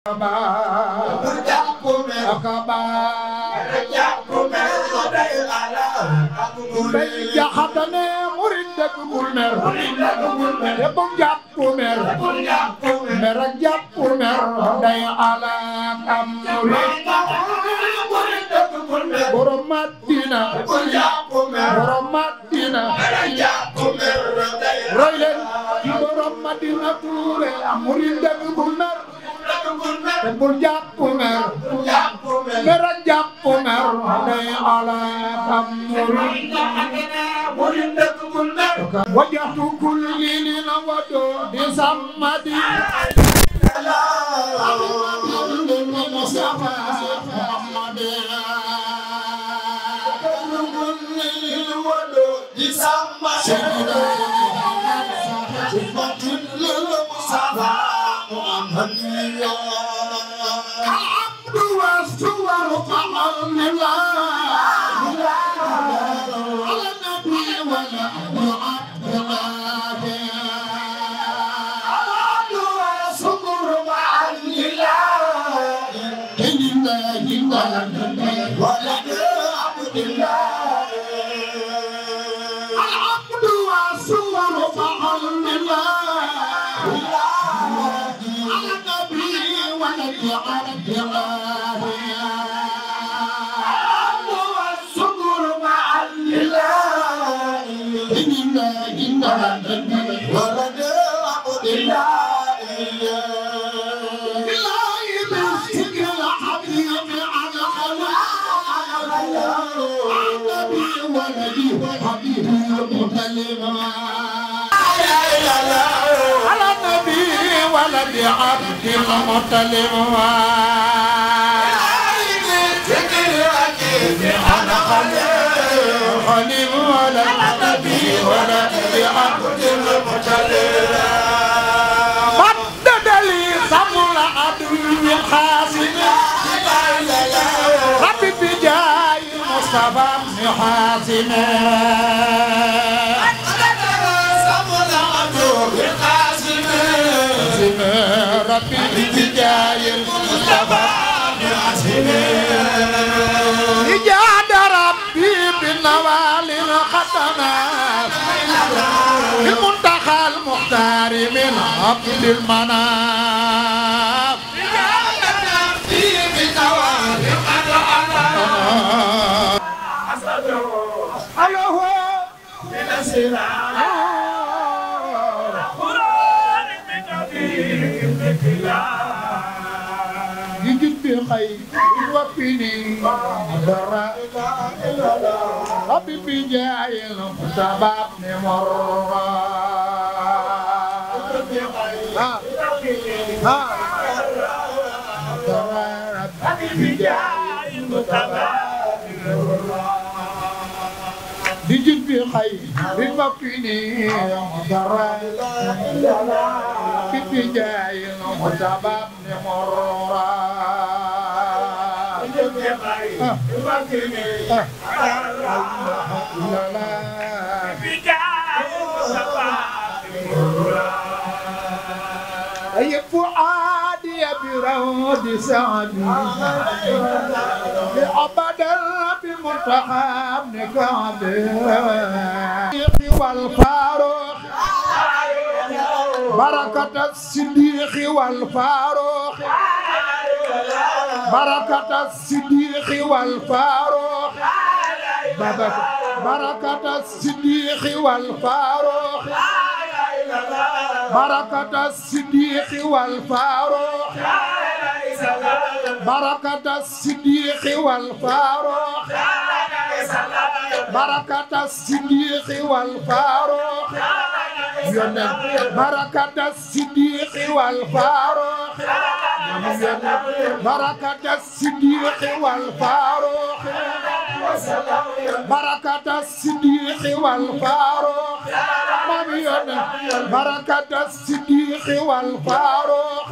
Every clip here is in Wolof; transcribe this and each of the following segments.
jaxatane murid dëkk bul mer te bu jàpp mer mer ak jàpp mer day alaak am murid borom Madina borom Madina roy leen borom Madina Touré am murid dëkk bul mer te bul jàpp mer mer a jàpp mer day ala xam mur wajatu kulli li na wado di samadi Muhammad I'm the worst to love a in life. إلا إنها جنبي ولد عبد الله ولدي وحبيبي ومكلمة على النبي ولدي عبدي ومكلمة حليم ولا ربي بجاي المصطفى يا حسين خطنا بمنتهى المختار من عبد المناف يجد بخير وفيني لا إله إلا الله ربي بجاي المتباب نمر ها ها ربي بجاي المتباب نمر بجد بخير بمكيني مضرا في جاي المتباب نمرا بخير وبكني على الله بداية صباح أي فؤاد يا برود سعدي أبدا بمرتحى بن كعب والفاروق بركة الصديق والفاروق بركة الصديق والفاروق بركة الصديق والفاروق بركة الصديق والفاروق بركة الصديق والفاروق بركة الصديق والفاروق يونس بركة الصديق والفاروق بركة الصديق والفاروق بركة الصديق والفاروق مبيون بركة الصديق والفاروق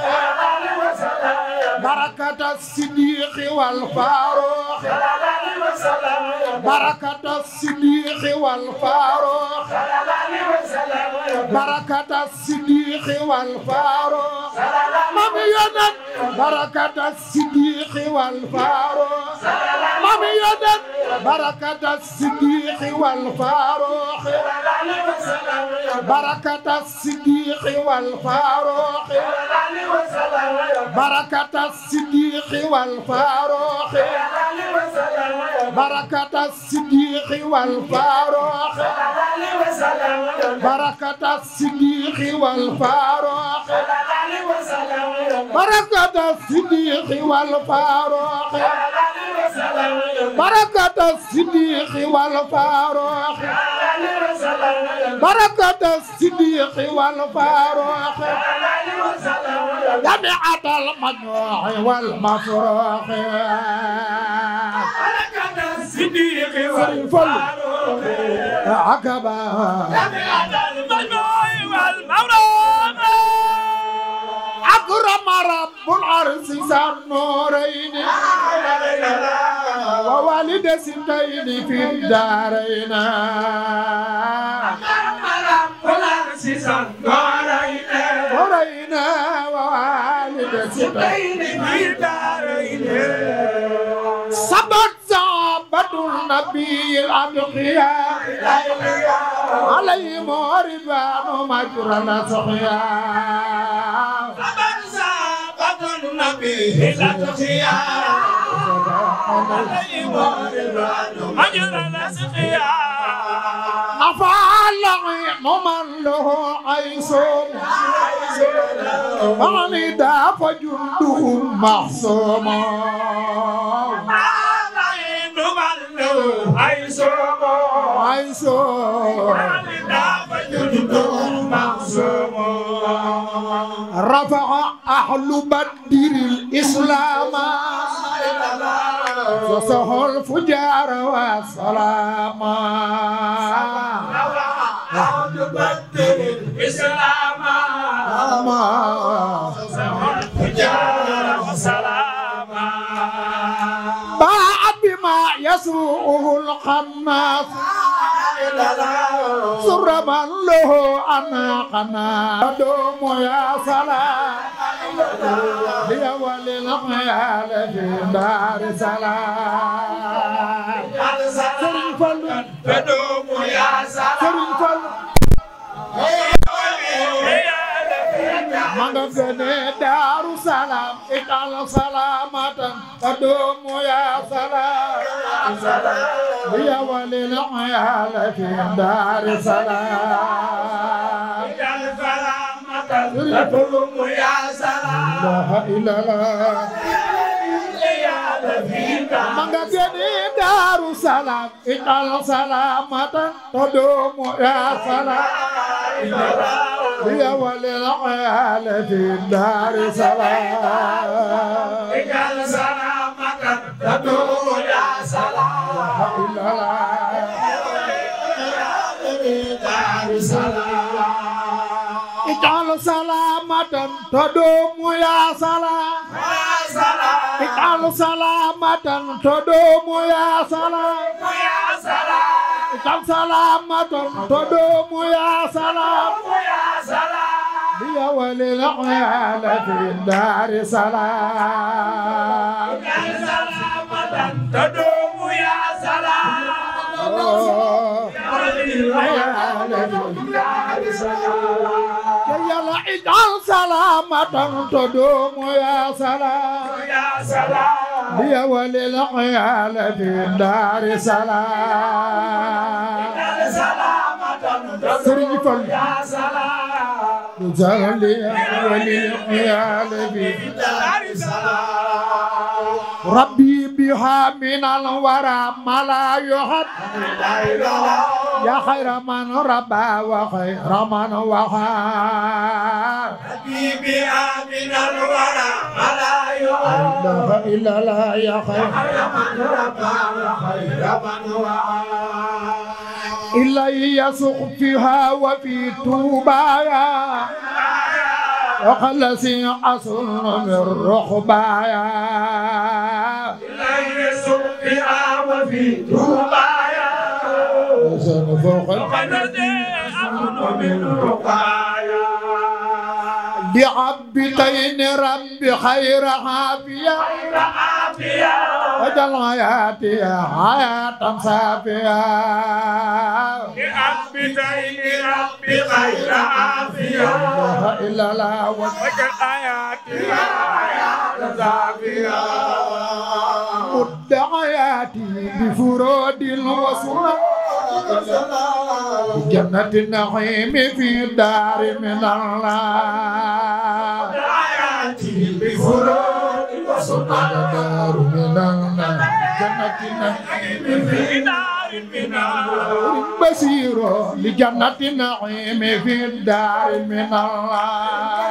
بركة الصديق والفاروق بركة الصديق والفاروق barakata siddiqi wal faaro بركة الصديق والفاروق لم يدن بركة الصديق والفاروق بركة الصديق والفاروق بركة الصديق والفاروق بركة الصديق والفاروق بركة الصديق والفاروق بركة بركة الصديق والفاروق بركة الصديق والفاروق بركة الصديق والفاروق جميعة المجموع والمفروق بركة الصديق والفاروق عقبة جميعة المجموع والمفروق أكرم رب العرش ذا النورين ووالد سنتين في الدارين أكرم رب العرش ذا النورين نورين ووالد سنتين في الدارين صبت صعبة النبي الأدقياء عليهم ربان مجرى صحيان ممن له عيس وعند فجنده محصوم عيسوم عيسوم وعند فجنده محصوم رفع أهل بدر الإسلام فسه الفجار والسلام رفع أهل بدر الإسلام فسه الفجار والسلام بعد ما يسوءه القناص سربا له أنا قنا دوم يا صلاة يا ولي الخيال في دار سلام سرفل دوم يا صلاة سرفل manga gane Daaru Salaam ikala salamatan adumu ya salaam ya walil ayala fi Daaru Salaam ikala salamatan adumu ya salaam la ilaha manga gani Daaru Salaam ikala salamatan adumu ya salaam يا ولي العالة الدار سلام اجعل سلامك تدور يا سلام دار سلام اجعل سلامة تدوم يا سلام يا سلام اجعل سلامة تدوم يا سلام يا سلام kan salamaton to doomu ya salam liya walil ala fi dar salam kan salamatan to doomu ya salam yalla ijal salamatan to doomu ya salam ya salam يا ولي العيال في الدار سلام سرني فل يا سلام زال يا ولي العيال في الدار سلام ربي بها من الورى ما لا يحب يا خير من ربى وخير من وحى بها من الورى ما لا يحب إلا لا يا خير من ربى وخير من وحى إلا يسق فيها وفي توبايا وخلصي أصل من رخبايا بها من رقايا رب خير عافية خير عافية وجل حياتي حياة صافية بعبدين رب خير عافية إلا لا وجل حياتي حياة صافية مد حياتي بفرود الوصول جنة النعيم في دار من الله حياتي بفرود الوصول دار من الله جنة النعيم في دار بسيرو لجنة النعيم في الدار من الله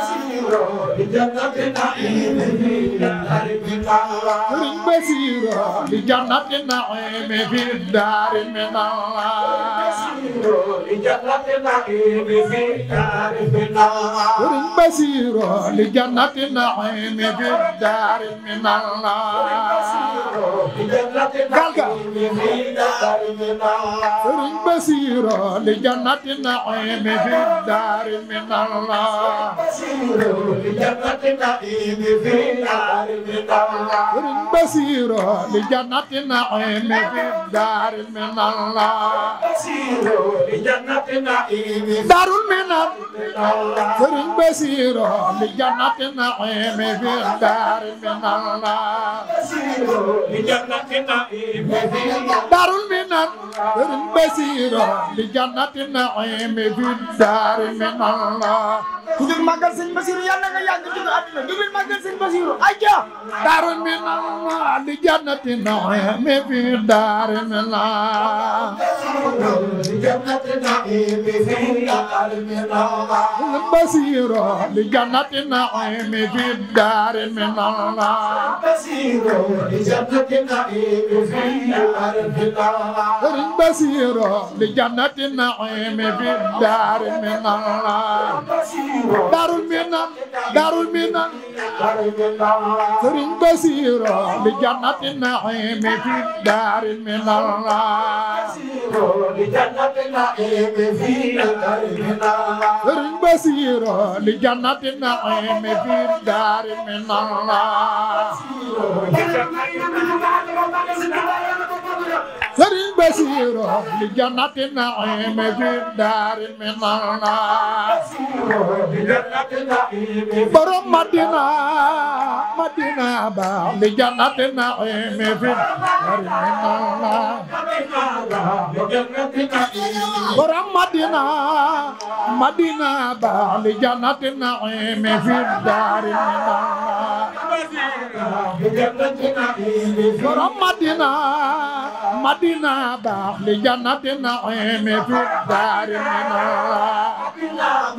لجنة النعيم في الدار من الله بسيرو لجنة النعيم في الدار من الله بسيرو لجنة النعيم في الدار من الله قال sëriñ min Allah sëriñ min Allah daarul min Allah النار المسيرة لجنة النعيم في الدار من الله تدل jannati naimi fi daari min Allah li jannati jannati naimi fi daari min Allah Basiru sëriñ Basiiru li jannati fi daari minan daarul minan daarul minan sëriñ fi daari minan sëriñ sëriñ Basiru li jannati naim fi daari minana borom madina madina ba li jannati naim fi daari minana borom madina madina ba li jannati naim fi daari minana borom madina madina بنا باخل جنة نعيم في الدار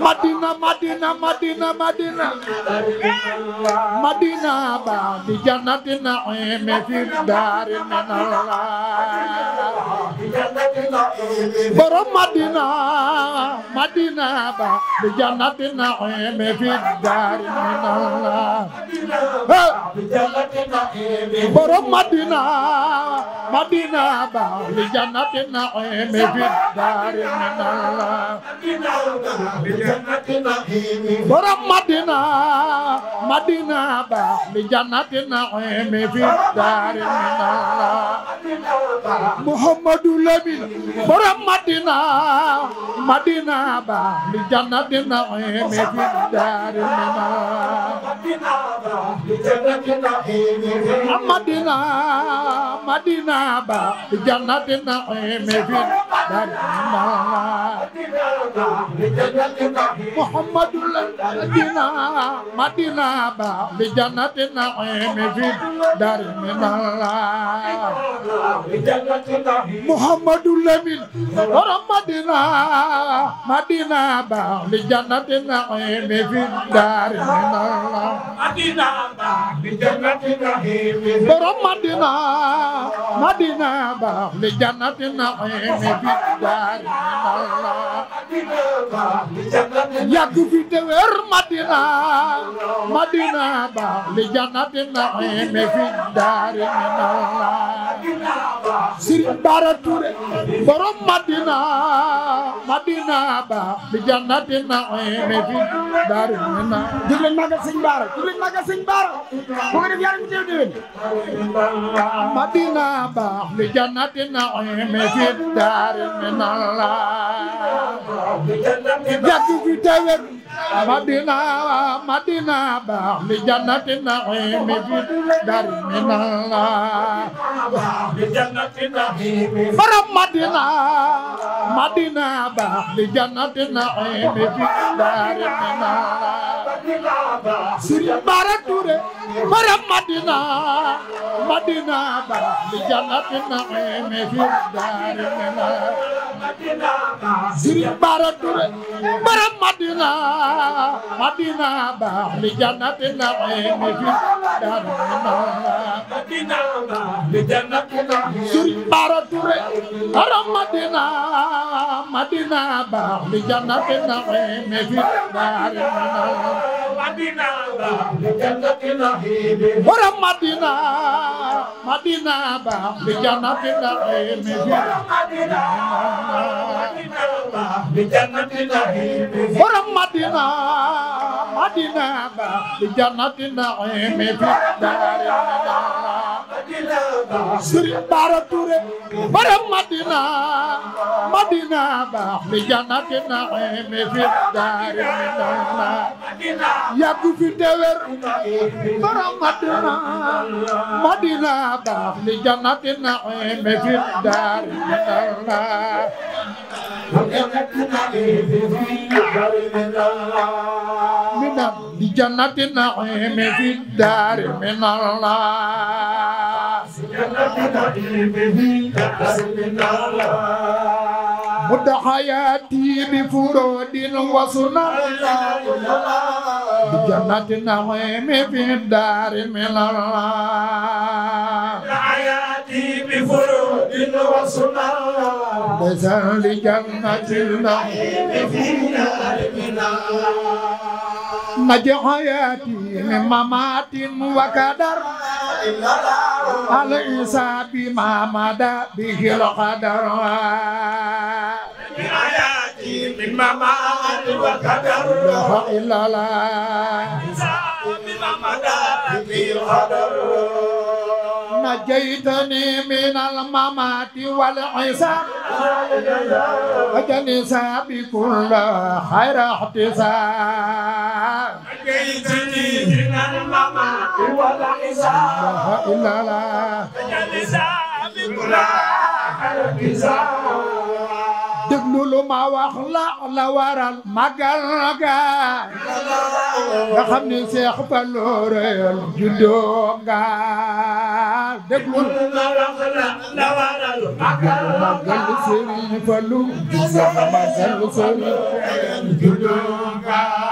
مدينة مدينة مدينة مدينة مدينة باخل جنة نعيم في الدار من الله برم مدينة مدينة باخل جنة نعيم في الدار من الله برم مدينة مدينة لجنة النعيم في الدار من الله ضرب مدينة مدينة با لجنة النعيم في الدار من الله محمد لمن ضرب مدينة مدينة با لجنة النعيم في الدار من الله مدينة مدينة با جنات النعيم في دارنا محمد الذين مدينة بجنات النعيم في دارنا محمد الذين رمضنا مدينة بجنات النعيم في دارنا مدينة بجنات borom madina madina baax li jannatin na'iim fi daar yàgg fi te wér Madina Madina ba li jannati na'iim fi daari minallah Sëriñ Bara Touré borom Madina Madina ba li jannati na'iim fi daari minallah jóg leen magal Sëriñ Bara jóg leen magal Sëriñ Bara mo ngi def yàlla mu teew déwén Madina ba li jannati na'iim fi daari minallah yàgg fi téeméer مدينة مدينة باع لجنة النعيم في دار من الله برب مدينة مدينة باع لجنة النعيم في دار من الله سيبارة توري برب مدينة مدينة باع لجنة النعيم في دار من الله سيبارة توري برب مدينة مدينة بحل جنة النعيم في دارنا مدينة بحل جنة النعيم سوري بارا توري أرى مدينة مدينة بحل جنة النعيم في دارنا مدينة بحل جنة النعيم أرى مدينة مدينة بحل جنة النعيم في دارنا bi jannati naim borom madina madina ba bi jannati naim fi dari madina ba Serigne Bara Touré borom madina madina ba bi jannati naim fi dari madina yàgg fi tewer borom madina madina ba bi jannati naim fi dari madina بجنة النعيم في الدار من الله مد حياتي بفرود وسنة بجنة النعيم في الدار من الله حياتي بفرود حب وصنع مثل جنة النعيم في نار مج حياتي من ممات وقدر أليس بما مدى به القدر حياتي من ممات وقدر إلا لا بما مدى به القدر ونجيتني من الممات والعصاب وجنسا بكل خير احتساب نجيتني من الممات والعصاب لا اله الا الله وجنسا بكل خير احتساب lu ma wax la waral magal ga nga ni Seex Fallu reyal juddoo nga déglu ma wax la waral magal magal Sëriñ Fallu magal Sëriñ juddoo nga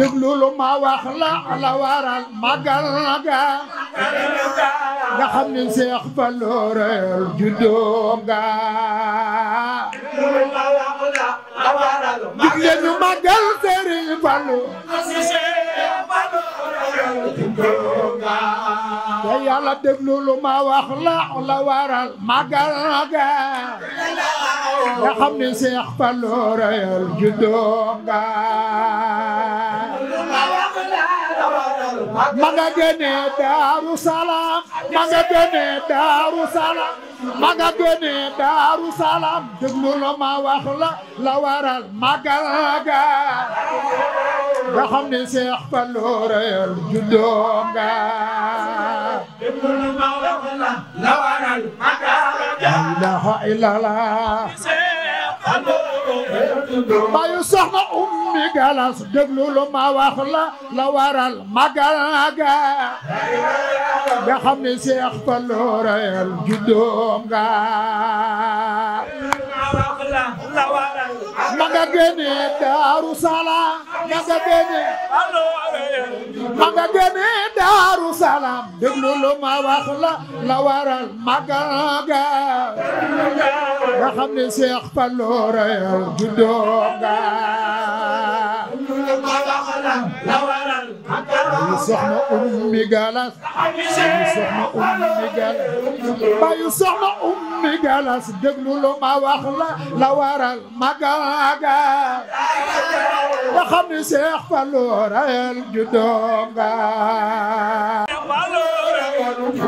déglu lu ma wax la la waral magal nga nga xam ni Seex Fallu reel juddoo nga digle ñu magal Sëriñ Fallu te yàlla déglu lu ma wax la la waral magal ga nga xam ne Seex Fallu rayal juddoo nga manga gene Daaru Salaam manga gene Daaru Salaam manga gene ma wax la la waral magal ga nga xam ne Seex Fallu reyal juddoo nga déglu la ma wax la la waral magal ga la ilaha illallah bayu soxna ummi galas déglu lu ma wax la la waral magal ga nga xam ni Seex Fallu rayal juddoom ga manga gene Daaru Salaam ma ga nga xam ne Seex Fallu ñu soxna ummi galas ñu soxna ummi galas bayu soxna ummi galas déglu lu ma wax la la waral magaga nga xam ni Seex Fallu rayal ju doonga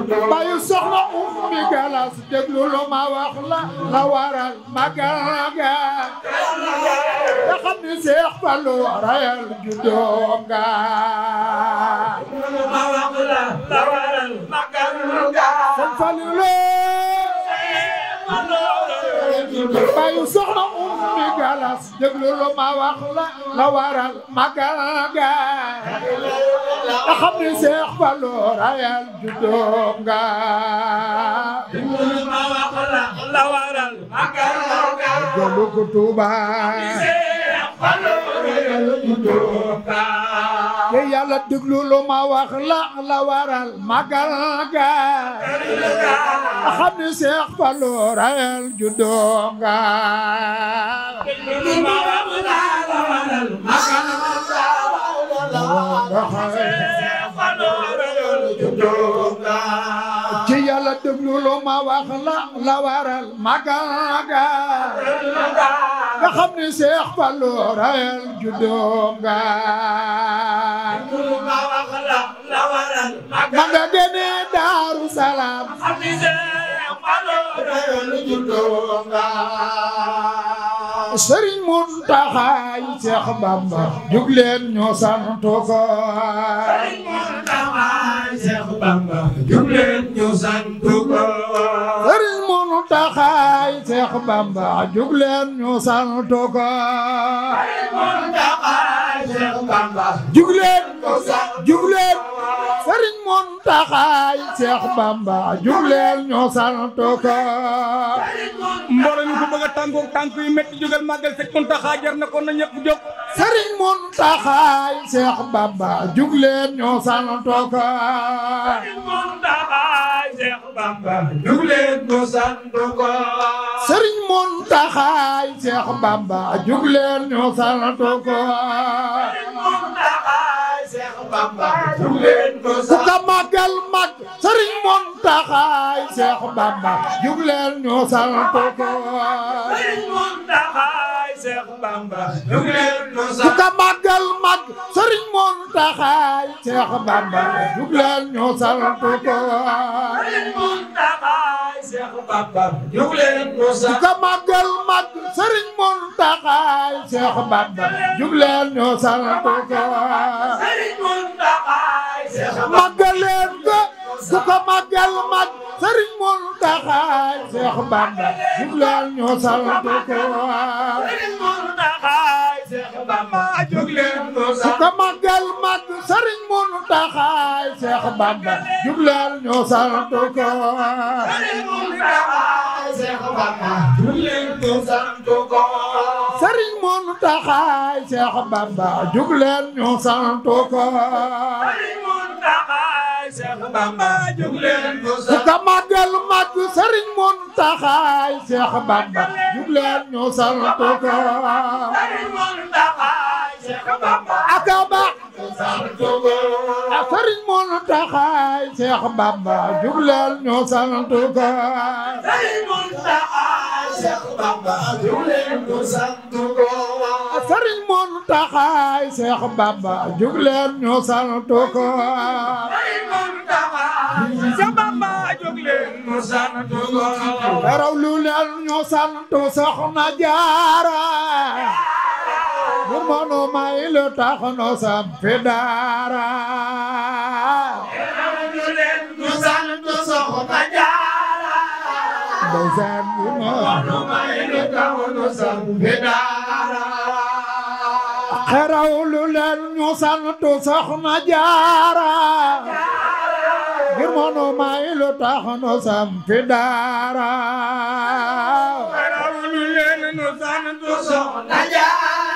bayu soxna ummi galas déglu lu ma wax la la waral magal ga nga xam ni Seex Fallu rayal juddoom ga ma wax la la waral magal ga bayu soxna ummi galas déglu lu ma wax la waral magal ga nga xam ni seex Fallu rayal juddoo nga déglu lu ma wax la la waral magal ga jëlu ko Tuuba seex Fallu rayal te yàlla déglu lu wax la la waral magal ga ni Seex Fallu rayal juddoo nga déglu lu ma wax la la waral magal ga ni Seex Fallu lu ma wax la maga dene Daaru Salaam sëriñ Muntaxa yi Seex Bamba jóg leen ñoo santo ko sëriñ Muntaxa yi Seex Bamba jóg leen ñoo santo ko sëriñ Muntaxa yi Seex Bamba jóg leen ñoo santo ko Seexu Bamba jugleen jugleen Sëriñ Muntaxaay Seex Bamba jugleen ñoo santo ko mbooloo yi métti jógal màggal Seex Muntaxaay na ko na ñëpp jóg Sëriñ Muntaxaay Seex Bamba jugleen ñoo santo ku ka màggal mag Sëriñ Muntaxa Seex Bamba jugleel ñu sant ko Sëriñ Muntaxa Seex Bamba jugleel ñu sant ko ku ka màggal mag Sëriñ Muntaxa Seex Bamba jugleel ñu sant ko Sëriñ Muntaxa jug leen Moussa. ka màggal mag sëriñ Muntaxa Seex Bamba jug leen ñu sant ko. sëriñ Muntaxa Seex Bamba màggal leen ko. ku ko màggal mag sëriñ Muntaxa Seex Bamba jug leen ñu sant ko. sëriñ Muntaxa. Seex Bamba su ko màggal màgg sëriñ Muntaxaay Bamba jóg leen ñu sant ko Bamba jóg leen Sëriñ Muntaxa Seex Bamba jugleel ñu sant ko Sëriñ Muntaxa Seex Bamba jugleel ñu sant ko Sëriñ Muntaxa Seex Bamba jugleel ñu sant ko Sëriñ Muntaxa Seex Bamba jugleel ñu sant ko raw lu leen ñu sant Soxna Jaara bu monu nu sampi daara tax nu sampi daara xeraw lu nu santu soxna tax nu sampi daara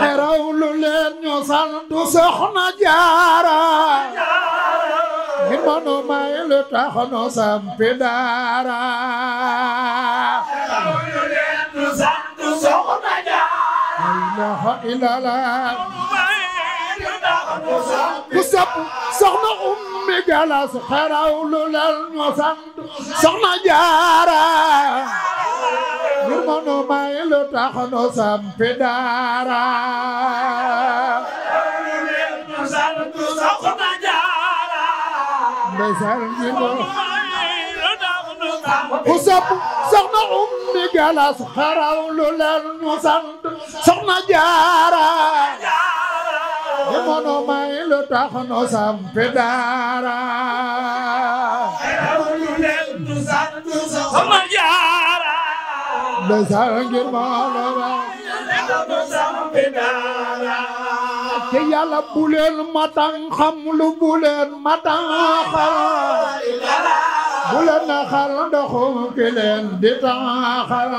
xeraw lu leen ñoo sant soxna jaara mi manu may lu tax nu sampi daara xeraw lu leen ñu sant soxna jaara xeraw lu leen ñoo sant soxna jaara ngir moonu may lu tax nu sampi daara ndeysaan ngir moonu ku sopp soxna ummi galas xaraw lu leen nu sant soxna jaara ngir moonu may lu tax nu sampi daara besa ngir maalo ba te yàlla bu leen matan xam lu bu leen matan xal bu leen na xal ndoxum ki leen di tan xal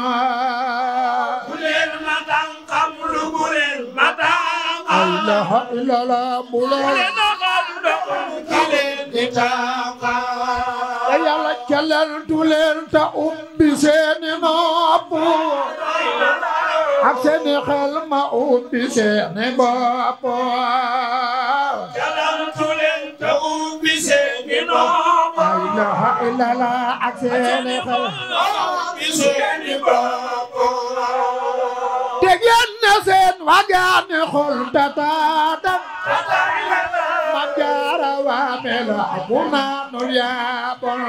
bu leen matan xam lu bu leen matan xal ilaha illallah bu leen na xal ndoxum ki leen di tan xal celentu leen ta ubbi seeni nopp ak seeni xel ma ubbi seeni bopp celentu leen ta ubbi seeni nopp la ilaha illallah ak seeni xel ma ubbi seeni bopp génne seen wagaane xol tataatam ma jaara waa melo bu naanul yaa bon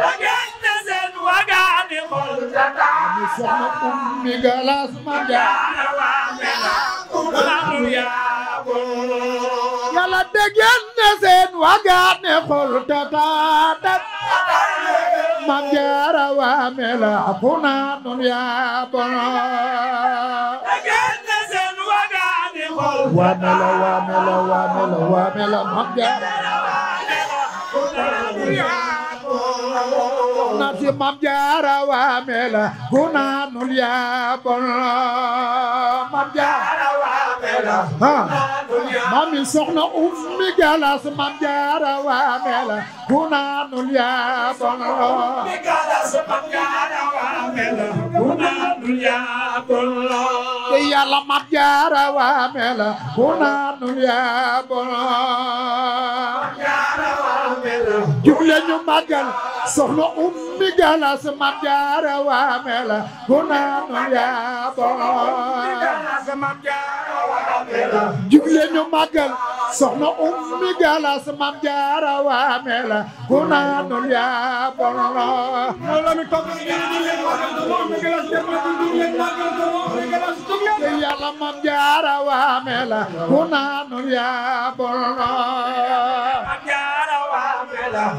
da génne seen wagaane xol tataatam mu soxna ummi galas ma jaara waa melo bu naanul yaa bon yàlla da génne seen wagaane xol tataatam man jaara waa mela kuna dunyaa bono waa mela waa jaara waa mela kuna dunyaa bono man jaara mami soxna ummi galas mam jaara waame la ku naanul yaa ummi galas mam jaara waame la ku naanul soxna ummi galas mam jaara waame la jugle ñu màggal soxna ummi galas mam jaara waame la ku naanul yaa bono la moo la mi toog yàlla mam jaara waame la ku naanul yaa bono la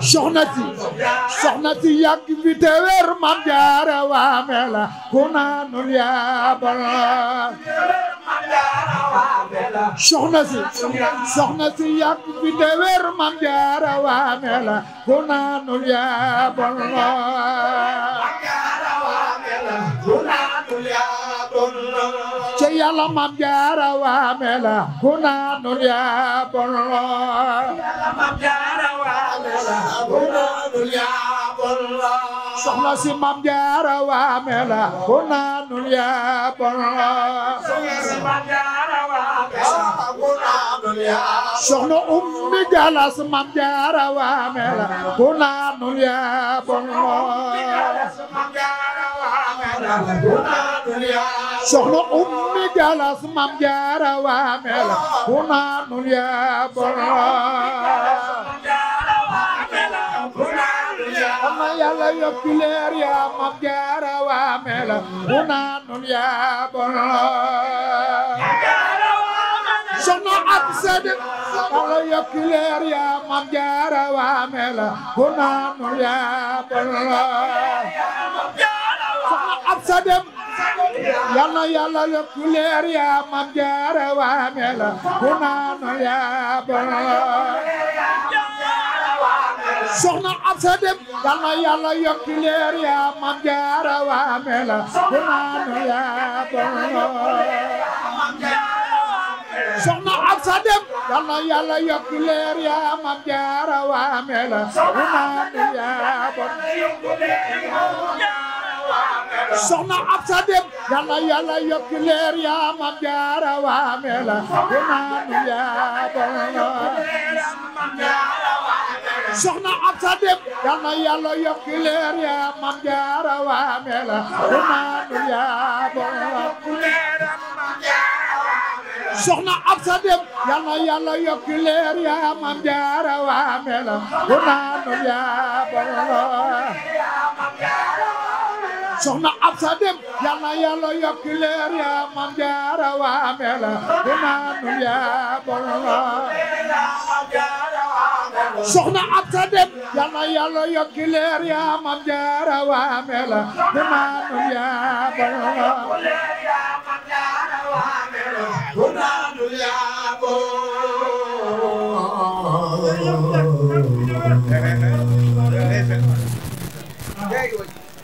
soxna si soxna si yàgg fi te wér mam jaara waame la ku naanul yaabal soxna si soxna si yàgg fi te wér mam jaara waame la ku naanul yaabal yàlla mam jaara waame la ku naanul yaa bonlo yàlla mam jaara waame la ku naanul yaa bonlo soxna si mam jaara waame la ku naanul yaa bonlo soxna si mam jaara waame la ku naanul yaa soxna ummi galas mam jaara waame la ku naanul yaa bonlo soxna ummi jalas mam jaara waa mela ku naanul yaa ama yàlla yokk leer yaa mam waa mela ku naanul yaa yaa mam ab sa dem yal na yàlla yokk leer yaa mam jaara waame la ku ab sa dem yal na yàlla la ku leer yaa mam jaara waame la soxna Absa Dem yàlla yàlla yokk leer yaa ma jaara waa mela imaam yaa bono soxna Absa Dem yàlla yàlla yokk leer yaa ma jaara waa mela imaam yaa bono soxna Absa Dem yàlla yàlla yokk leer yaa mam jaara waa mela bu naanu yaa bono soxna Absa dem yal na yàlla yokk leer ya mam jaara waa mela imaam ya borom soxna Absa Dem yal na yàlla yokk leer yaa mam jaara waa mela di maanum yaa borom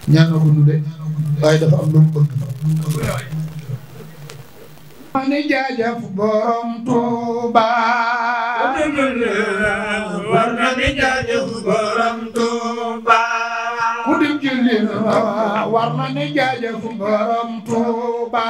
ñaanoo ko nu de waaye dafa am lu mu bëgg borom Tuuba war ni jaajëf borom borom Tuuba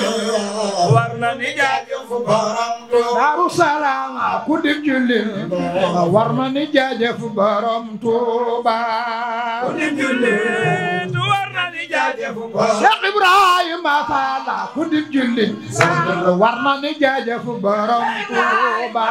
war na ni jaajëf borom Tuuba Daaru Salaam ku di borom Tuuba ku di jullit ku di jullit war na ni jaajëf borom Tuuba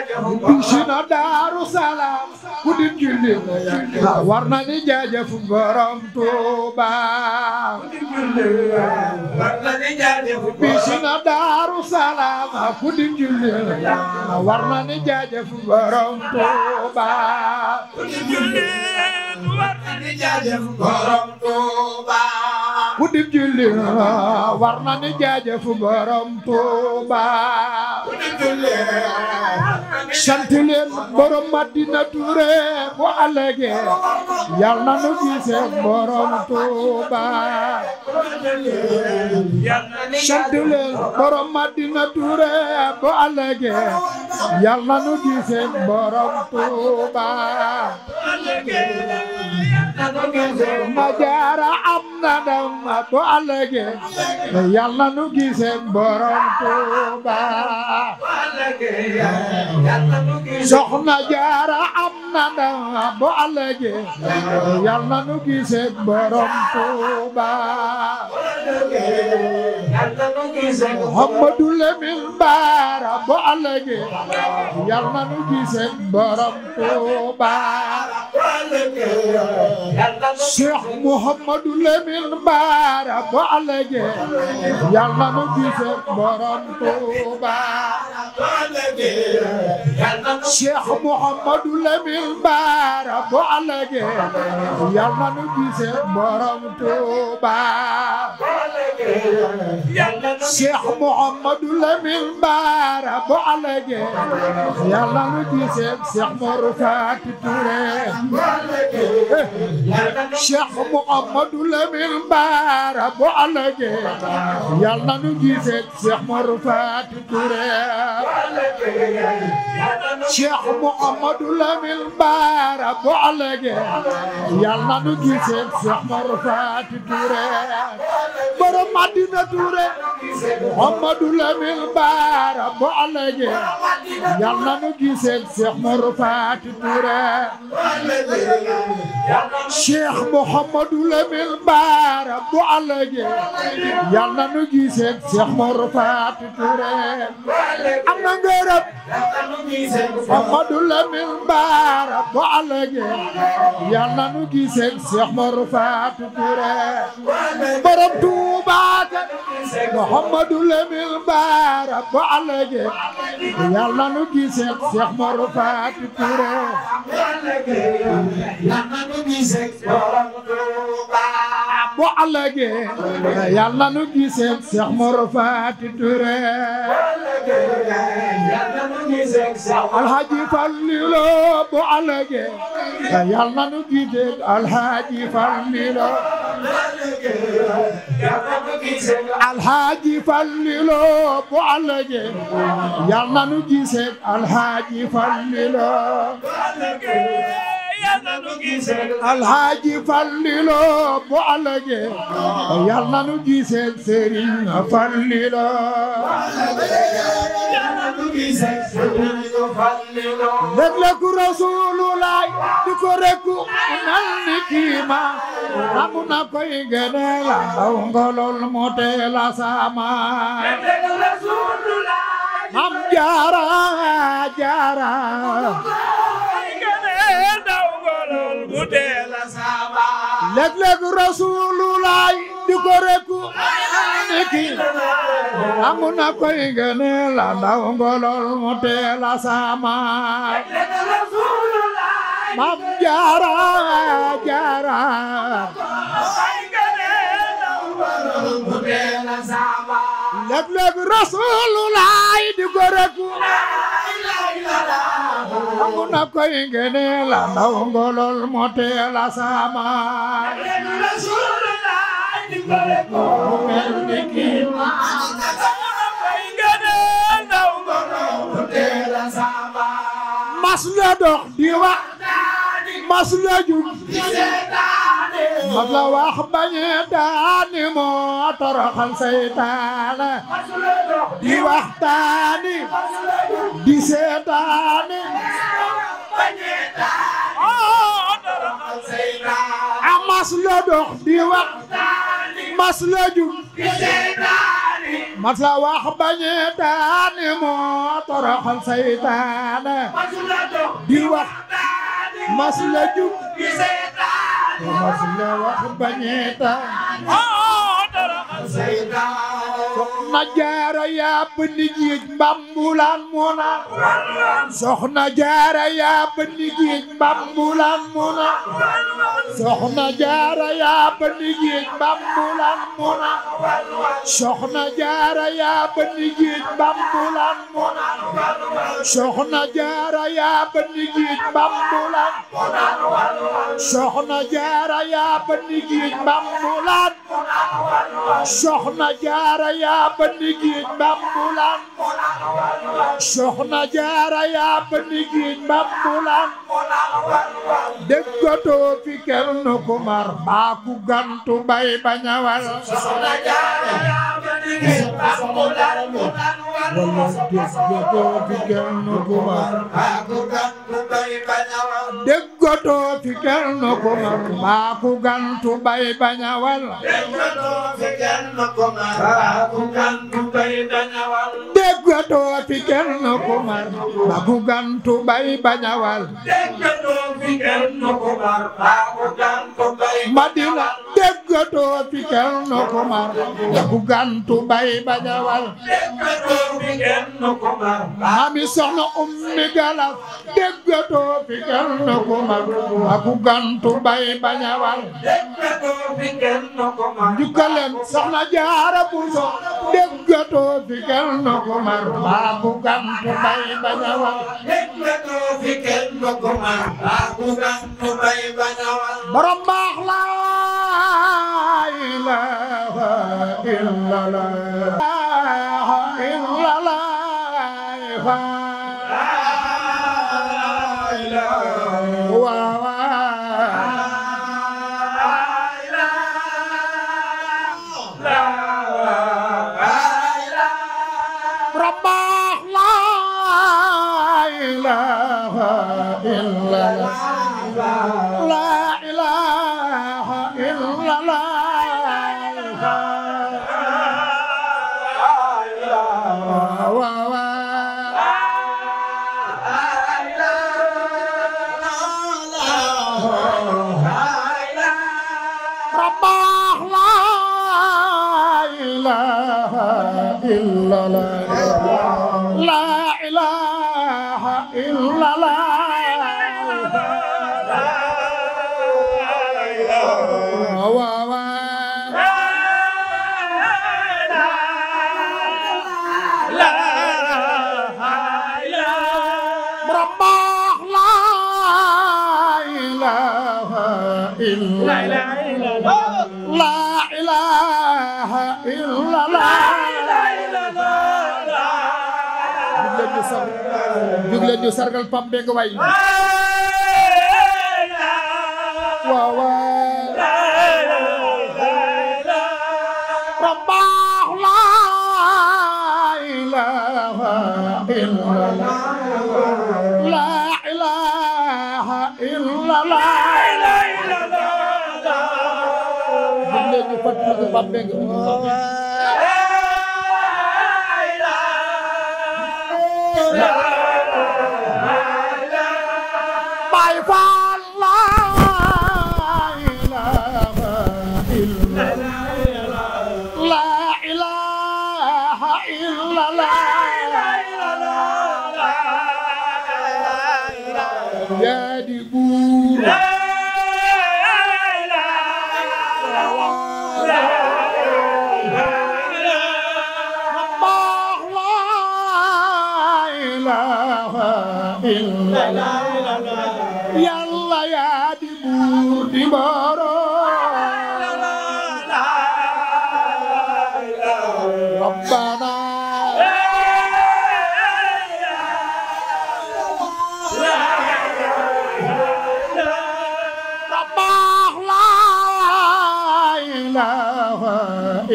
bishina Daaru Salaam ku di julli war na ni jaajëf borom Tuuba bishina Daaru Salaam ku di julli war na ni jaajëf borom Tuuba war na ni jaajëf borom Touba. ku dib julli war na ni jaajëf borom Touba. ku dib julli sant leen borom Madina Touré bu àllëgee yal na nu gisee borom Touba. sant leen borom Madina Touré bu àllëgee yal na nu gisee borom Touba. ma jaara am na dam ma bu allëge yàlla nu gise borom Tuuba soxna jaara am na dam ma bu allëge yàlla nu gise borom Tuuba Muhammadu Lamin Baara bu allëge yàlla nu gise borom Tuuba Cheikh Mouhamadou Lamine Bara bu alage yàlla ma gise borom Tuuba Cheikh Mouhamadou Lamine Bara bu alage yàlla ma gise borom Tuuba Cheikh Mouhamadou Lamine Bara bu alage yàlla ma gise Cheikh Mor Fati Touré Cheikh Mouhamadou nu gisee Cheikh Mor Fatou Touré Cheikh Mouhamadou Lamine Bara bu alage yal na nu gisee Cheikh Mor bu alage yal na nu gisee Cheikh Mor Fatou Touré Cheikh Mouhamadou Lamine Bara bu àllëgee yal na nu gisee Cheikh Mor Fatou Touré am na ngërëm Mouhamadou Lamine Bara bu àllëgee yal na nu gisee Cheikh Mor Fatou Touré borom Touba Mouhamadou Lamine Bara bu àllëgee yal na nu gisee Cheikh Mor Fatou Touré yàlla nu gisee borom Tuuba bu àllëgee yàlla nu gisee Seex Mor Faati Ture yàlla nu gisee Alhaji Fallilo bu àllëgee yàlla nu gisee Alhaji Fallilo Alhaji Fallilo bu àllëgee yàlla nu gisee Alhaji Fallilo alhaaji fallilo bu alage yal na nu giseel seriñ fallilo rek leku rasululay di ko reku nal ni kiima ramu na koy geneela law ngolol mu teela saama am jaara jaara mu dee la saaba léeg-léeg rasuululaay di ko rekku ki nangu na koy gëne la ndaw ngolol mu dee la saama mam jaara jaara daf na bi rasulullahi di goreku angu na ko ingene la nawngolol mote la sama rasulullahi di goreku meru dikima ingene nawngolol mote la sama mas la dox di wax mas la jug mat la wax bañe daani moo toroxal seytaane di waxtaani di seetaani a ah, mas la dox di wax mas la jug di seetaani mat la wax bañe daani moo toroxal seytaane di wax mas la jug di seetaani ومسنا وخبنيتا jaara yaa bënni géej mbambulaan moo naan soxna jaara yaa bënni géej mbambulaan moo naan soxna jaara yaa bënni géej mbambulaan moo naan soxna jaara yaa bënni géej mbambulaan moo naan soxna jaara yaa bënni géej mbambulaan moo naan soxna jaara yaa bënni géej mbambulaan soxna jaara yaa yaa soxna jaara yaa bandigin bambulan déggatoo fi kenn mar ku gantu bay bañawal soxna jaara yaa bandigin bambulan wala déggatoo fi mar ku gantu bay bañawal déggatoo fi kenn ku mar ku gantu bay bañawal fi mar gantu bay bañawal déggatoo fi kenn ko bay bañawal déggatoo fi kenn ko mar da ku gantu bay bajawal déggatoo fi kenn ko mar ami soxna ummi galas déggatoo fi kenn ko mar da ku gantu bay bajawal déggatoo fi kenn ko mar jukkaleen soxna jaara buso déggatoo fi kenn ko mar da ku gantu bay bajawal déggatoo fi kenn ko mar da ku gantu bay bajawal borom baax la إله إلا الله ilaha la. leen ñu sargal Pape Mbengue waay waaw Pape Mbengue yàlla yaa di buur di boroom rabbana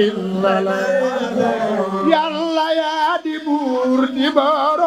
illallah yàlla yaa di buur di boroom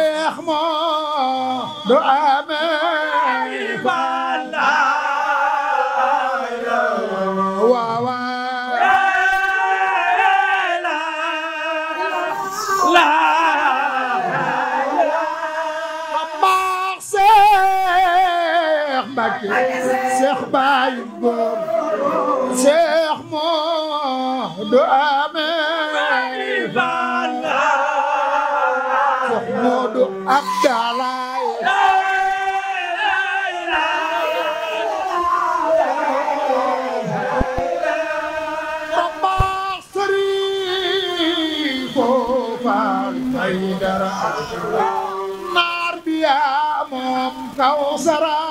Cheikh Baye Ngor Cheikh Modou Amé Balla Cheikh Modou Abdallah Nardia mom kausara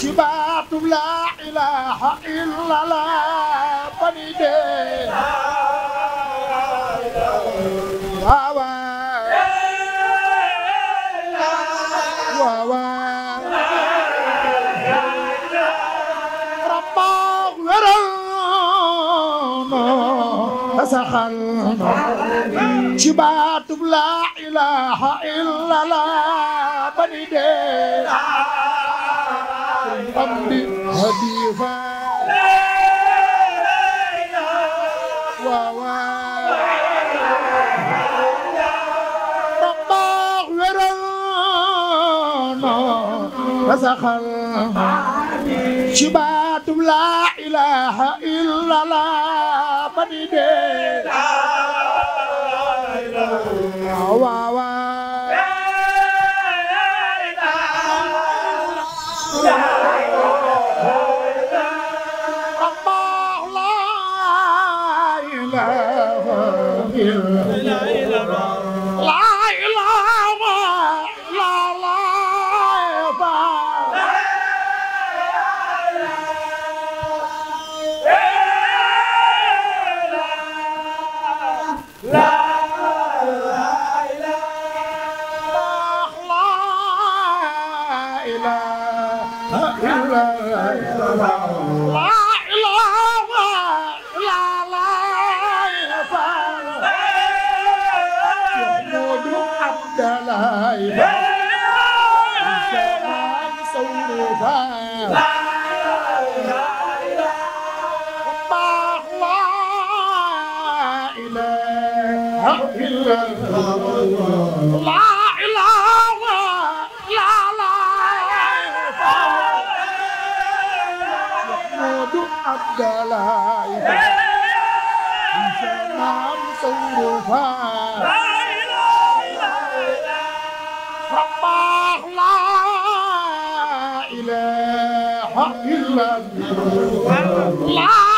ci baatu laa ilaaha illallah bani dee waawa waawa rabba werano tasaxal ci baatu laa ilaaha illallah waaw waaw trở lại sẽ nám sông đường pha khắp bạc la ilaha illallah la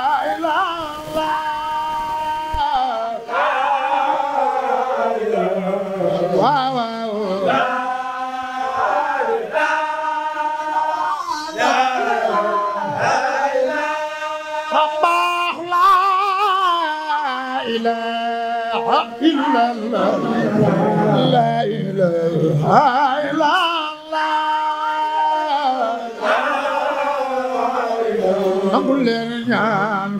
Nangul leen ñaan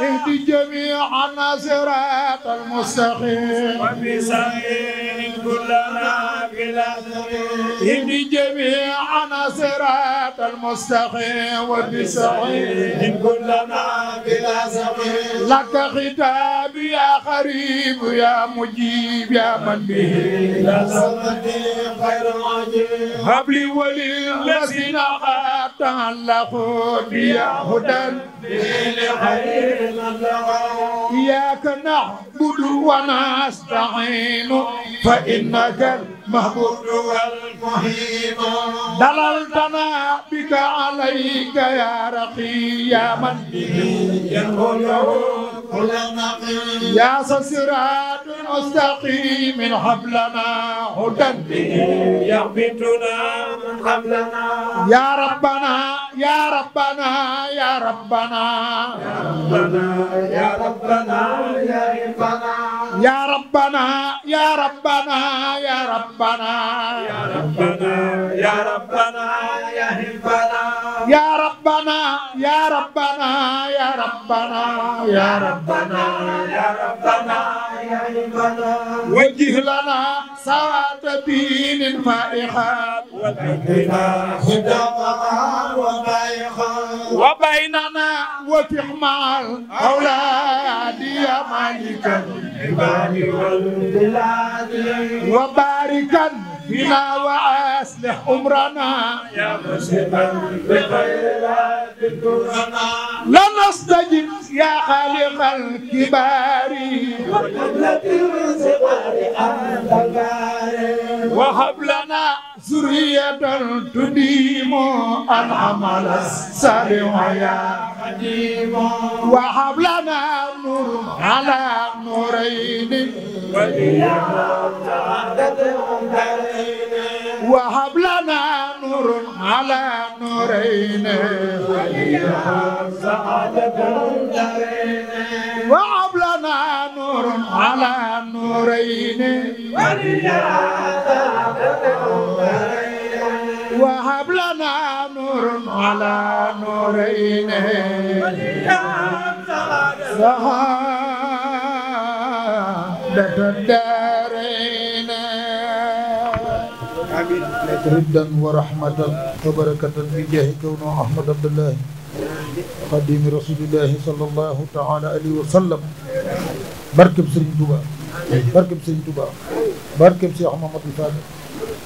اهدي جميعنا صراط المستقيم وبسعيد كلنا اهدي جميعنا صراط المستقيم وبسعيد كلنا بلا سبيل لك خطاب يا قريب يا مجيب يا من به لا خير عجيب هب لي وللذين تعلقوا بي هدى إياك نعبد ونستعين فإنك محمود والمحيط دللتنا بك عليك يا رقي يا من به ينقله كل نقي يا صراط مستقيم حبلنا هدى به يغبطنا من قبلنا يا ربنا يا ربنا يا ربنا يا ربنا يا ربنا يا ربنا يا ربنا يا ربنا يا ربنا ربنا يا ربنا يا ربنا يا ربنا يا ربنا يا ربنا يا ربنا يا ربنا يا ربنا يا ربنا وجه لنا سواد دين فائحا وجه لنا صدقا وبائحا وبيننا وفق مع أولاد يا مالك العباد والبلاد وباركا فينا وأصلح أمرنا يا مسلما بخيرات كرنا لا نستجب يا خالق الكبار وقبلة الصغار أنت وهب لنا zuriyatan tudimo al'amal salih ya qadim wa hablana nur ala nurayn wa وهب لنا نور على نورين وليها سعادة دارين نور على نورين وهب لنا نور على نورين سعادة الدار ردا ورحمة وبركة بجاه كونه أحمد عبد الله قديم رسول الله صلى الله تعالى عليه وسلم barkeb Serigne Touba barkeb Serigne Touba barkeb Cheikh